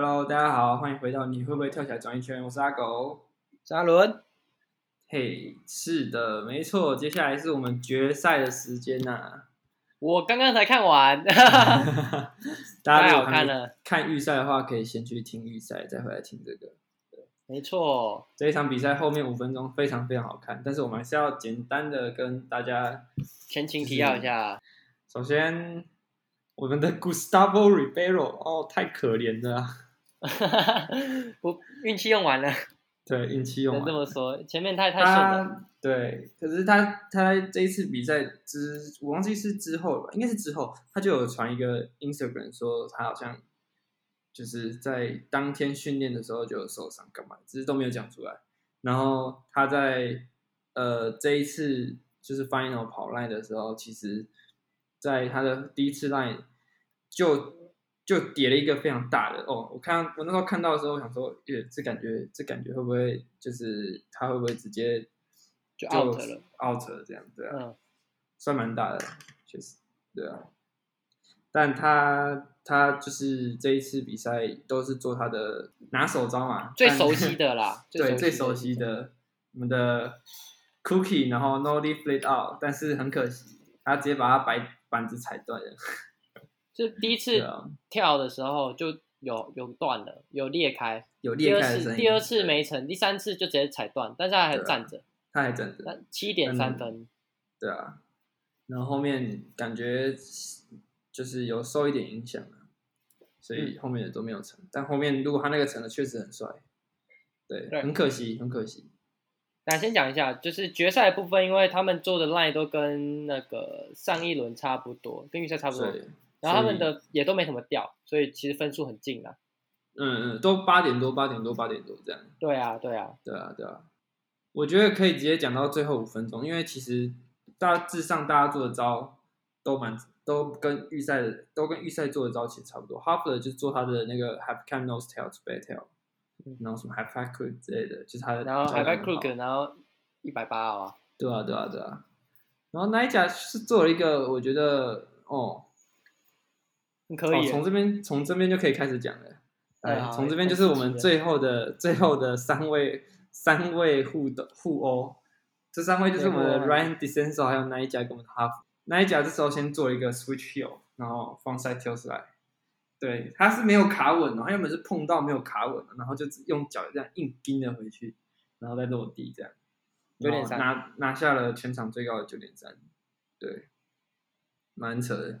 Hello，大家好，歡迎回到你會不會跳起來轉一圈？我是阿狗，我是阿倫。嘿、hey，是的，沒錯，接下來是我們決賽的時間吶、啊。我剛剛才看完， 大家太好看了。看預賽的話，可以先去聽預賽，再回來聽這個。沒錯，這一場比賽後面五分鐘非常非常好看，但是我們還是要簡單的跟大家前情提要一下。就是、首先，我們的 Gustavo Ribeiro，哦，太可憐了。哈哈哈，我運氣用完了。對，運氣用完了。這麼說，前面太太順了、啊。對，可是他他這一次比賽之、就是，我忘記是之後了吧，應該是之後，他就有傳一個 Instagram 說，他好像就是在當天訓練的時候就有受傷，幹嘛，只是都沒有講出來。然後他在呃這一次就是 Final 跑 line 的時候，其實在他的第一次 line 就就疊了一個非常大的哦，我看我那時候看到的時候，想說耶，這感覺這感覺會不會就是他會不會直接就 out 了，就 out，了 out 了這樣子啊、嗯？算蠻大的，確實，對啊。但他他就是這一次比賽都是做他的拿手招嘛，最熟悉的啦，的啦對，最熟悉的我們的 cookie，然後 nollie flip out，但是很可惜，他直接把他白板子踩斷了。就第一次跳的時候就有、啊、有斷了，有裂開。有裂開的聲音。第二次沒成，第三次就直接踩斷，但是他還站着、啊。他還站着。七點三分、嗯。對啊。然後後面感覺就是有受一點影響，所以後面也都沒有成。嗯、但後面如果他那個成了，確實很帥，對，很可惜，很可惜。那先講一下，就是決賽部分，因為他們做的 line 都跟那個上一輪差不多，跟預賽差不多。對然後他們的也都沒什麼掉，所以，所以其實分數很近啊。嗯嗯，都八點多，八點多，八點多這樣。對啊，對啊，對啊，對啊。我覺得可以直接講到最後五分鐘，因為其實大致上大家做的招都蠻，都跟預賽的都跟預賽做的招其實差不多。Hoefler 就做他的那個 half cab nose tail to back tail、嗯、然後什麼 half cab crook 之類的，就是他的。然後 half cab crook 然後一百八啊。對啊，對啊，對啊。然後 Nyjah 是做了一個，我覺得哦。可以，從、哦、這邊從這邊就可以開始講了，哎、嗯，從這邊就是我們最後的,、嗯最,後的嗯、最後的三位、嗯、三位互動互毆，這三位就是我們的 Ryan Decenzo 還有 Nyjah 跟我們的 Half。Nyjah 這時候先做一個 Switch Heel 然後放 Side Hill 來，對，他是沒有卡穩，他原本是碰到沒有卡穩，然後就只用腳這樣硬釘了回去，然後再落地這樣，九點三拿拿下了全場最高的九點三，對，蠻扯的。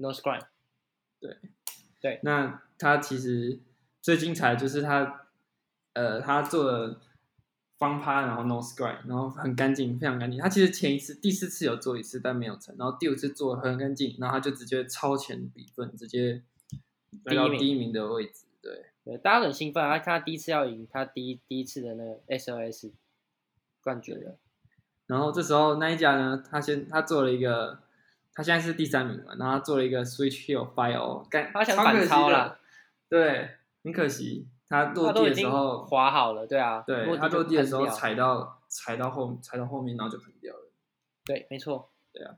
No s k e 對，對，那他其實最精彩的就是他，呃，他做了方趴，然後 No s k e 然後很乾淨，非常乾淨。他其實前一次、第四次有做一次，但沒有成。然後第五次做很乾淨，然後他就直接超前比分，直接來到第一名的位置。對，對，大家很興奮啊！他看他第一次要贏，他第一第一次的那個 SLS 冠軍了。然後這時候 Nyjah 呢，他先他做了一個。他現在是第三名了，然後他做了一個 switch heelflip，他想反超了，對，很可惜，他落地的時候滑好了，對啊，對，落他落地的時候踩到踩到後踩到後面，然後就噴掉了，對，沒錯，對啊，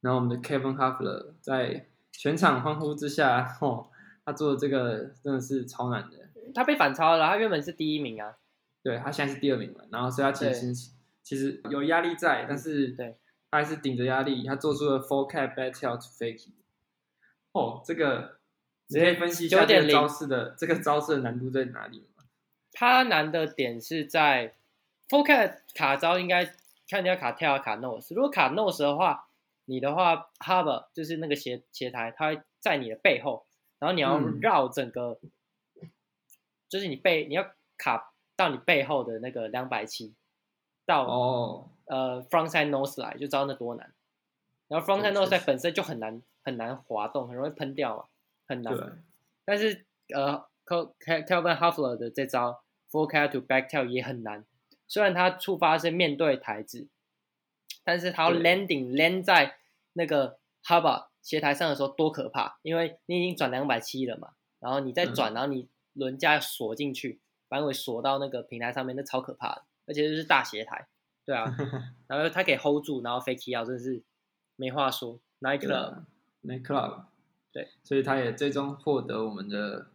然後我們的 Kelvin Hoefler 在全場歡呼之下，哦，他做的這個真的是超難的，他被反超了，他原本是第一名啊，對，他現在是第二名了，然後所以他其實其實有壓力在，嗯，但是對。他還是頂着壓力，他做出了 f o r c a t back tail to fake。哦，這個，你可分析一下這個招式的這個招式的難度在哪裡嗎？它難的點是在 f o、嗯、r c a t 卡招，應該看你要卡 t 要 i l 卡 nose。如果卡 nose 的話，你的話 hover 就是那個斜斜台，它會在你的背後，然後你要繞整個，嗯、就是你背你要卡到你背後的那個兩百七到哦。呃，frontside noseslide 就知道那多難，然後 frontside noseslide 本身就很難很難滑動，很容易噴掉嘛，很難。但是呃，Kelvin Hoefler 的這招 full cab to backtail 也很難，雖然他觸發是面對台子，但是他要 landing land 在那個 hubba 斜台上的時候多可怕，因為你已經轉兩百七了嘛，然後你再轉、嗯，然後你輪架鎖進去，反而會鎖到那個平台上面，那超可怕的，而且就是大斜台。對啊，然後他給 hold 住，然後飛起要真是沒話說。n i k l u b n i k l u b 對，所以他也最終獲得我們的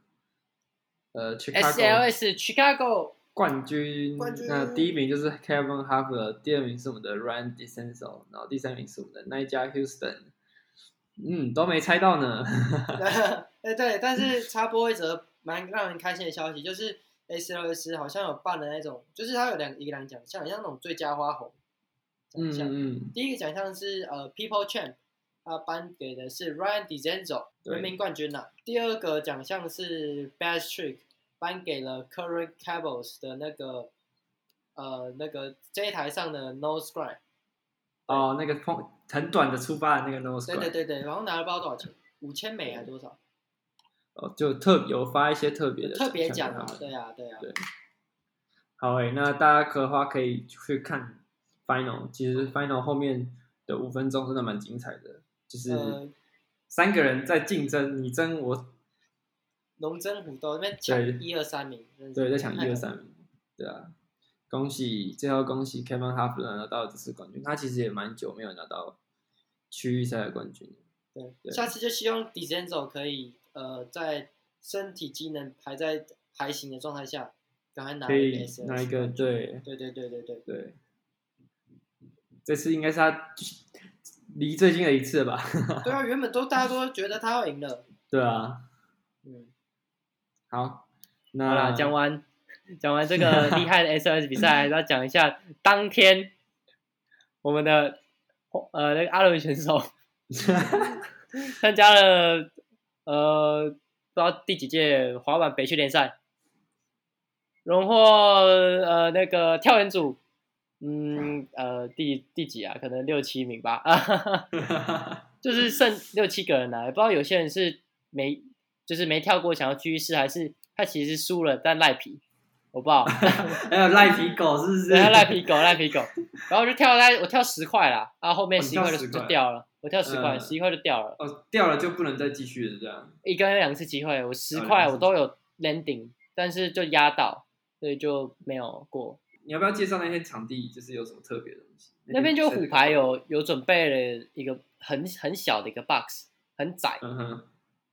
呃 Chicago，SLS Chicago 冠軍，冠軍。那第一名就是 Kevin Harv，第二名是我們的 Ryan Desensal，然後第三名是我們的 n i g e r a Houston。嗯，都沒猜到呢 欸。對，但是插播一則蠻讓人開心的消息，就是。a SLS 好像有辦的那種，就是他有兩一個兩獎項，像像那種最佳花紅獎項。嗯，嗯第一個獎項是呃 People Champ 他頒給的是 Ryan Decenzo，人民冠軍呢、啊。第二個獎項是 Best Trick 頒給了 Curren Caples 的那個呃那個這一台上的 No Scrape。哦，那個碰很短的出發的那個 No Scrape。對對對對，對，然後拿了不知道多少錢，五千美還是多少？哦、oh，就特別有發一些特別的特別獎，對啊對啊對，好誒、欸，那大家可的話可以去看 final，其實 final 後面的五分鐘真的蠻精彩的，就是三個人在競爭、呃，你爭我龍爭虎鬥，那邊搶一二三名，對，在搶一二三名，對啊，恭喜最後恭喜 Kelvin Hoefler 拿到這次冠軍，他其實也蠻久沒有拿到區域賽的冠軍，對，對下次就希望 Dizendo 可以。呃，在身體機能還在還行的狀態下，剛才拿了一個、SLS、一個對對對對對對對。這次應該是他離最近的一次吧？對啊，原本都大家都覺得他要贏了。嗯、對啊，嗯，好，那好講完講完這個厲害的 SLS 比賽， 要講一下當天我們的呃那個阿倫選手參 加了。呃，不知道第幾屆滑板北區聯賽，榮獲呃那個跳遠組，嗯呃第第幾啊？可能六七名吧， 就是剩六七個人來、啊，不知道有些人是沒就是沒跳過，想要繼續試，還是他其實是輸了但賴皮。好不好？ 還有賴皮狗，是不是？ 賴皮狗，賴皮狗。 然後我就跳，我跳十塊啦，然後後面十塊就就掉了。我跳十塊，十塊就掉了。哦，掉了就不能再繼續了，這樣。一個人兩次機會，我十塊我都有 landing，但是就壓到，所以就沒有過。你要不要介紹那些場地？就是有什麼特別的東西？那邊就虎牌有有準備了一個很很小的一個 box，很窄，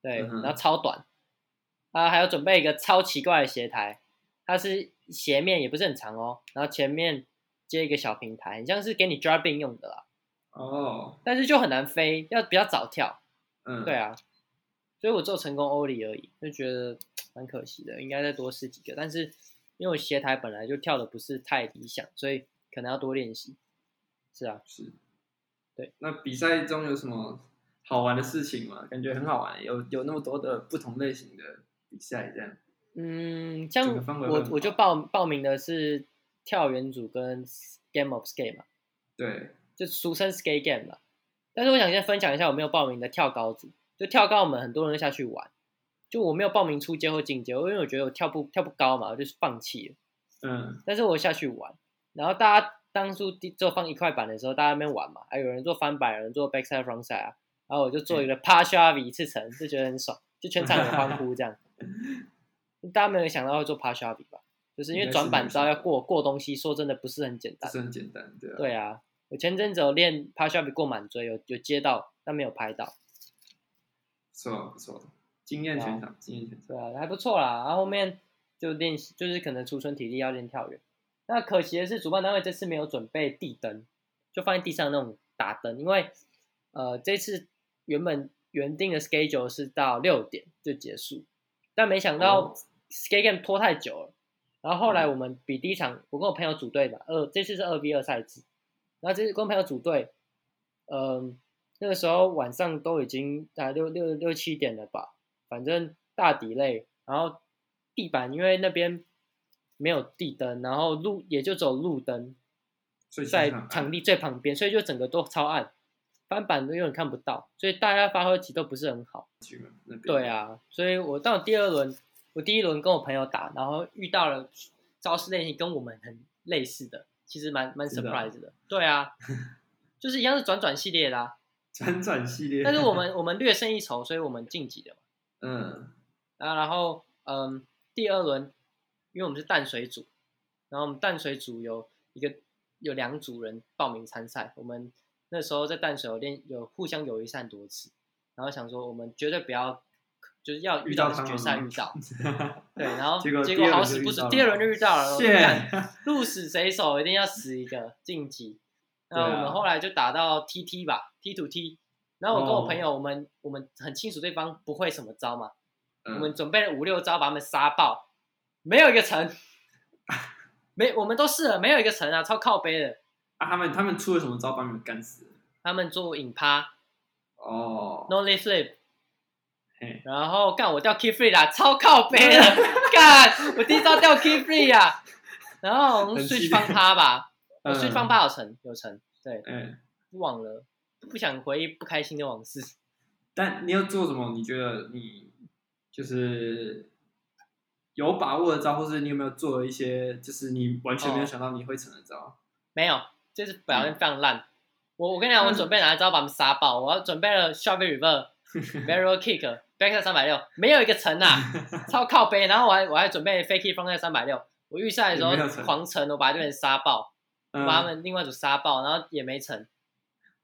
對，然後超短。啊，還有準備一個超奇怪的斜台。它是斜面，也不是很長哦，然後前面接一個小平台，很像是給你 drop in 用的啦。哦、oh.，但是就很難飛，要比較早跳。嗯，對啊，所以我做成功，Ollie 而已，就覺得蠻可惜的，應該再多試幾個。但是因為我斜台本來就跳的不是太理想，所以可能要多練習。是啊，是。對，那比賽中有什麼好玩的事情嗎？感覺很好玩，有有那麼多的不同類型的比賽這樣。嗯，像我我，我就報報名的是跳遠組跟 game of skate 嘛，對，就俗稱 skate game 嘛。但是我想先分享一下我沒有報名的跳高組，就跳高我們很多人都下去玩，就我沒有報名初階或進階，因為我覺得我跳不跳不高嘛，我就是放棄了。嗯，但是我下去玩，然後大家當初做放一塊板的時候，大家那邊玩嘛，還有人做翻板，有人做 backside frontside 啊，然後我就做一個 pop shove-it 一次成，就覺得很爽，就全場很歡呼這樣。 大家沒有想到會做爬沙比吧？就是因為轉板招要過過東西，說真的不是很簡單。是很簡單，對啊。對啊，我前陣子有練爬沙比過滿錐，有有接到，但沒有拍到。是錯不錯，經驗全場，經驗全場。還不錯啦。然、啊、後後面就練，就是可能儲存體力要練跳遠。那可惜的是，主辦單位這次沒有準備地燈，就放在地上那種打燈，因為呃這次原本原定的 schedule 是到六點就結束，但沒想到、oh. skate game 拖太久了，然後後來我們比第一場，我跟我朋友組隊的二、呃，這次是二 v 二賽制，然後這次跟我朋友組隊，嗯、呃，那個時候晚上都已經大概六六六七點了吧，反正大 delay，然後地板因為那邊沒有地燈，然後路也就只有路燈，所以在場地最旁邊，所以就整個都超暗，翻板都有點看不到，所以大家發揮其實都不是很好。對啊，所以我到第二輪。我第一輪跟我朋友打，然後遇到了招式類型跟我們很類似的，其實蠻蠻 surprise 的，的。對啊， 就是一樣是轉轉系列的，啊。轉轉系列、嗯。但是我們我們略勝一籌，所以我們晉級了。嗯，啊，然後嗯，第二輪，因為我們是淡水組，然後我們淡水組有一個有兩組人報名參賽，我們那時候在淡水有練有互相友誼賽多次，然後想說我們絕對不要。就是要遇到的決賽，遇到，對，然後結果好死不 死。第二輪就遇到了，鹿死誰手，一定要死一個晉級。那我們後來就打到 T T 吧，T two T。T2T, 然後我跟我朋友，哦、我們我們很清楚對方不會什麼招嘛，嗯、我們準備了五六招把他們殺爆，沒有一個成， 沒，我們都試了，沒有一個成啊，超靠背的。啊，他們他們出了什麼招把你們幹死？他們做影趴，哦，No sleep。然後幹，我掉 key free 啦，超靠北了幹，我第一招掉 key free 呀， 然後我們繼續放他吧，我繼續放八小城有成，對，嗯、忘了，不想回憶不開心的往事。但你要做什麼？你覺得你就是有把握的招，或是你有沒有做一些，就是你完全沒有想到你會成的招？哦、沒有，就是表現非常爛。嗯、我我跟你講，我準備拿一招把他們殺爆？我要準備了 sharper river barrel kick。fakie 三百六，沒有一個成啊， 超靠北。然後我還我還準備 fakie front 在三百六，我預賽的時候成狂成，我把一堆人殺爆，嗯、把他們另外一組殺爆，然後也沒成。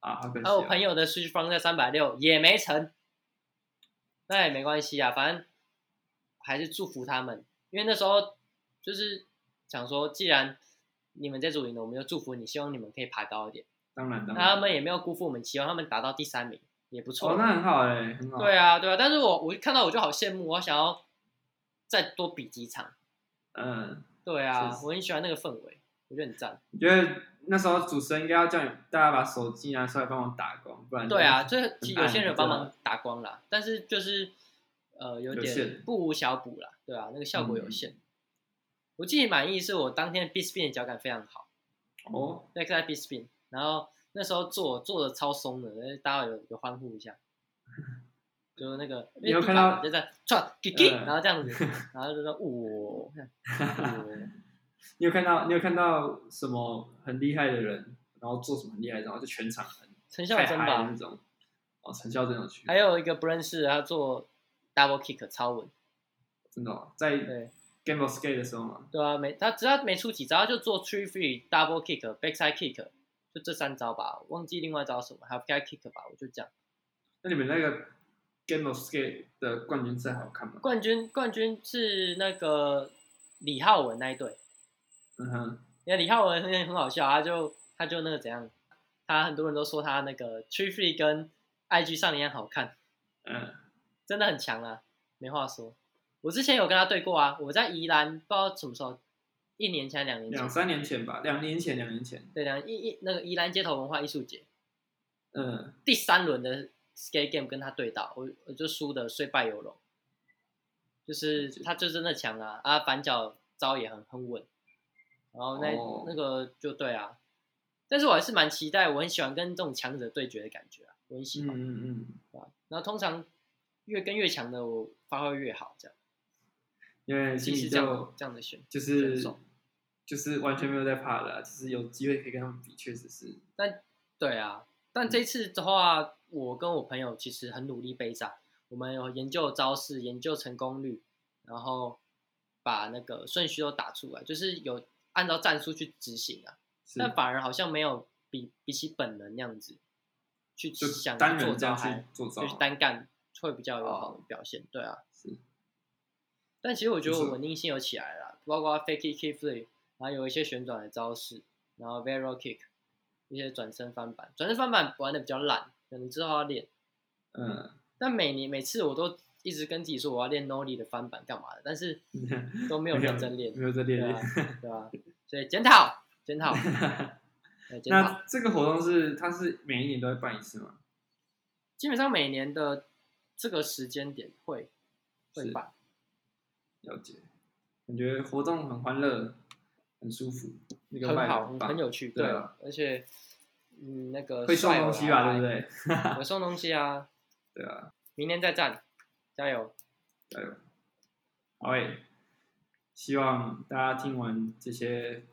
啊，然後我朋友的 switch front 在三百六也沒成，那也沒關係啊，反正還是祝福他們，因為那時候就是想說，既然你們這組贏了，我們就祝福你，希望你們可以爬高一點。當然，當然然他們也沒有辜負我們希望，他們打到第三名。也不錯、哦、那很好哎、欸，很好。對啊，對啊，但是我我看到我就好羨慕，我想要再多比幾場。嗯，對啊，我很喜歡那個氛圍，我覺得很讚。我覺得那時候主持人應該要叫你大家把手機啊稍微幫我打光，不然對啊，就有些人幫忙打光了，但是就是呃有點不無小補了，對啊，那個效果有限。嗯、我最滿意是我當天 bigspin 的腳感非常好哦，那個在 bigspin，然後。那時候做做超鬆的超鬆的，大家有有歡呼一下，就是那個，你有看到、欸、就在轉 kick，然後這樣子， 然後就說哇，哈 你有看到你有看到什麼很厲害的人，然後做什麼很厲害，然後就全場很，陳笑真的哦，陳笑真有去。還有一個不認識，他做 double kick 超穩，真的、哦、在 game of skate 的時候嘛？對啊，沒他只要沒出幾招，他就做 three free double kick backside kick。就這三招吧，我忘記另外一招什麼，還有蓋 kick 吧，我就講。那你們那個 Game of Skate 的冠軍賽好看嗎？冠軍冠軍是那個李浩文那一隊。嗯哼，因為李浩文很很好笑，他就他就那個怎樣，他很多人都說他那個 tree free 跟 IG 上一樣好看，嗯，真的很強啊，沒話說。我之前有跟他對過啊，我在宜蘭，不知道什麼時候。一年前、兩年前、兩三年前吧，兩年前、兩年前。對，兩一一那個宜蘭街頭文化藝術節，嗯，第三輪的 skate game 跟他對到，我我就輸得雖敗猶榮，就是他就真的強啊啊，反腳招也很很穩，然後那、哦、那個就對啊，但是我還是蠻期待，我很喜歡跟這種強者對決的感覺啊，我很喜歡，嗯嗯啊、嗯，然後通常越跟越強的我發揮越好，這樣，因為其實這樣這樣的選就是。就就是完全沒有在怕了，啊，就是有機會可以跟他們比，確實是。但對啊，但這次的話，嗯，我跟我朋友其實很努力備戰，我們有研究招式，研究成功率，然後把那個順序都打出來，就是有按照戰術去執行啊。但反而好像沒有比比起本能那樣子，去想做招還做招就是單幹會比較有好的表現。哦，對啊，是。但其實我覺得穩定性有起來了啦，包括 Fakie、K-Free。然後有一些旋轉的招式，然後 varial kick，一些轉身翻板，轉身翻板玩的比較爛，可能之後要練，呃、嗯，但每年每次我都一直跟自己說我要練 nollie 的翻板幹嘛的，但是、嗯、都沒有認真練，沒有在練，啊，對吧、啊？所以檢討， 檢討 檢討，那這個活動是它是每一年都會辦一次嗎？基本上每年的這個時間點會會辦，了解，感覺活動很歡樂。很舒服個，很好，很有趣，對，對啊，而且，嗯，那個會送東西吧，啊，對不對？ 我送東西啊，對啊，明天再戰，加油，加油，好誒，欸，希望大家聽完這些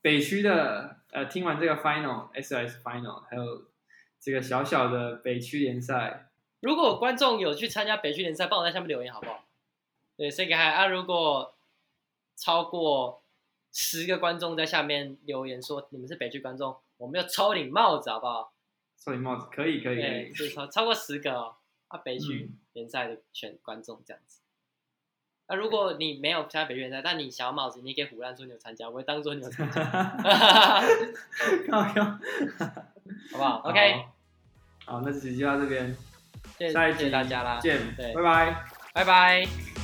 北區的，呃，聽完這個 final SLS final，還有這個小小的北區聯賽，如果觀眾有去參加北區聯賽，幫我在下面留言好不好？對，謝謝海啊，如果超過。十個觀眾在下面留言說：“你們是北區觀眾，我們要抽你帽子，好不好？”抽你帽子可以，可以，就是說超，超過十個，哦嗯、啊，北區聯賽的選觀眾這樣子。那，啊、如果你沒有參加北區聯賽，但你小帽子，你可以胡亂說你有參加，我會當做你有參加。哈 好 好不好？OK。好，okay? 好那這期就到這邊，下一集，下一集大家啦，見，對，拜拜，拜拜。